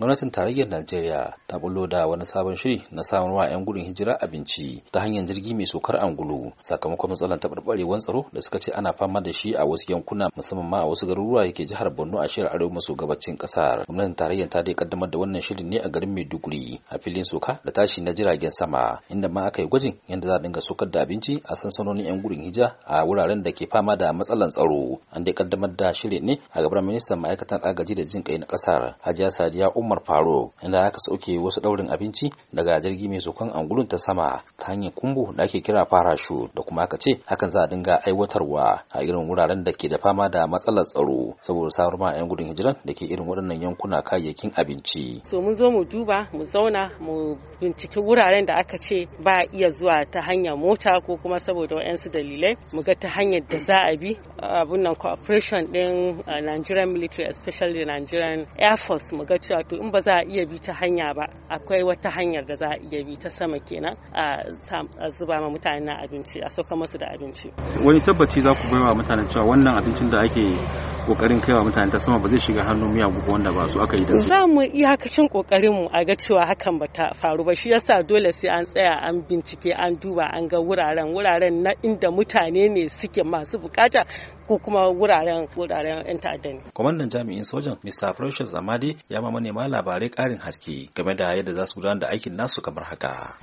gwamnatin tarayyar najeriya ta bullo da wani sabon shiri na samar wa 'yan gudun hijira abinci ta hanyar jirgi mai sokar angulu sakamakon matsalar taɓarɓarewar tsaro da suka ce ana fama da shi a wasu yankuna musamman ma a wasu garuruwa yake jihar borno a shirar arewa maso gabacin ƙasar gwamnatin tarayyar ta dai kaddamar da wannan shirin ne a garin maiduguri a filin soka da tashi na jiragen sama inda ma aka yi gwajin yadda za a dinga sokar da abinci a sansanonin 'yan gudun hijira a wuraren da ke fama da matsalar tsaro an dai kaddamar da shirin ne a gaban ministan ma'aikatan agaji da jin kai na ƙasar hajiya sadiya umar Umar Faro inda aka sauke wasu daurin abinci daga jirgi mai saukan angulun ta sama ta hanyar kumbu da ake kira farashu da kuma aka ce hakan za a dinga aiwatarwa a irin wuraren da ke da fama da matsalar tsaro saboda samar ma 'yan gudun hijiran da ke irin waɗannan yankuna kayayyakin abinci. So mun zo mu duba mu zauna mu binciki wuraren da aka ce ba iya zuwa ta hanyar mota ko kuma saboda wa'yansu dalilai mu ga ta hanyar da za a bi abun nan cooperation din uh, Nigerian military especially Nigerian Air Force mu ga cewa to in ba za a iya bi ta hanya ba akwai wata hanyar da za a iya bi ta sama kenan a zuba ma mutane na abinci a sauka musu da abinci wani tabbaci za ku baiwa mutanen cewa wannan abincin da ake kokarin kaiwa mutane ta sama ba zai shiga hannun miyagu wanda ba su aka yi da su za mu iyakacin kokarin mu a ga cewa hakan ba ta faru ba shi yasa dole sai an tsaya an bincike an duba an ga wuraren wuraren na inda mutane ne suke masu bukata ko kuma wuraren wuraren 'yan ta'adda ne. Kwamandan jami'in sojan Mr. Precious Amadi ya ma manema labarai ƙarin haske game da yadda za su gudanar da aikin nasu kamar haka.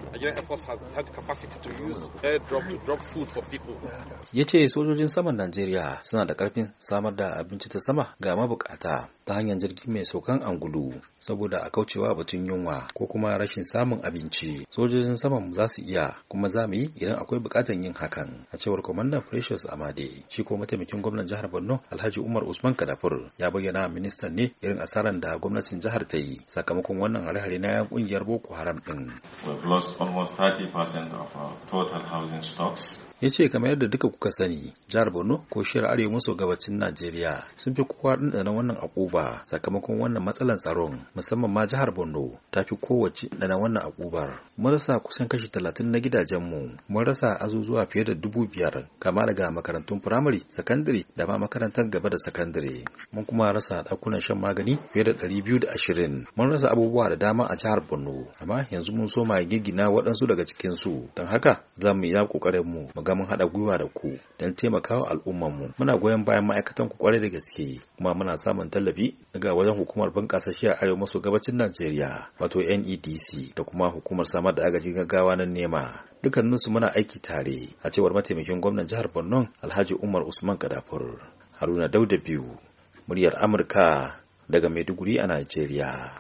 Ya ce sojojin saman Najeriya suna da karfin samar da abinci ta sama ga mabukata ta hanyar jirgi mai saukan angulu saboda a kaucewa batun yunwa ko kuma rashin samun abinci. Sojojin saman za su iya kuma za mu yi idan akwai bukatan yin hakan a cewar kwamandan Precious Amade. Shi ko mataimakin gwamnan jihar Borno Alhaji Umar Usman Kadafur ya bayyana ministan ne irin asaran da gwamnatin jihar ta sakamakon wannan hare-hare na 'yan kungiyar boko haram ɗin. We've lost almost 30% of our total housing stocks ya ce kamar yadda duka kuka sani jihar borno ko shiyar arewa maso gabacin najeriya sun fi kowa ɗanɗana wannan akuba sakamakon wannan matsalar tsaron musamman ma jihar borno ta fi kowace ɗanɗana wannan akubar mun rasa kusan kashi talatin na gidajen mu mun rasa azuzuwa fiye da dubu biyar kama daga makarantun firamare sakandare da ma makarantar gaba da sakandare mun kuma rasa ɗakunan shan magani fiye da ɗari biyu da ashirin mun rasa abubuwa da dama a jihar borno amma yanzu mun soma gigina waɗansu daga cikinsu don haka za mu yi ya ƙoƙarin mu ga mun haɗa gwiwa da ku don taimakawa mu, muna goyon bayan ma'aikatan ku kwarai da gaske kuma muna samun tallafi daga wajen hukumar bunƙasa shi a arewa maso gabacin najeriya wato nedc da kuma hukumar samar da agajin gaggawa na nema dukkaninsu muna aiki tare a cewar mataimakin gwamnan jihar borno alhaji umar usman kadafur haruna dauda biyu muryar amurka daga maiduguri a najeriya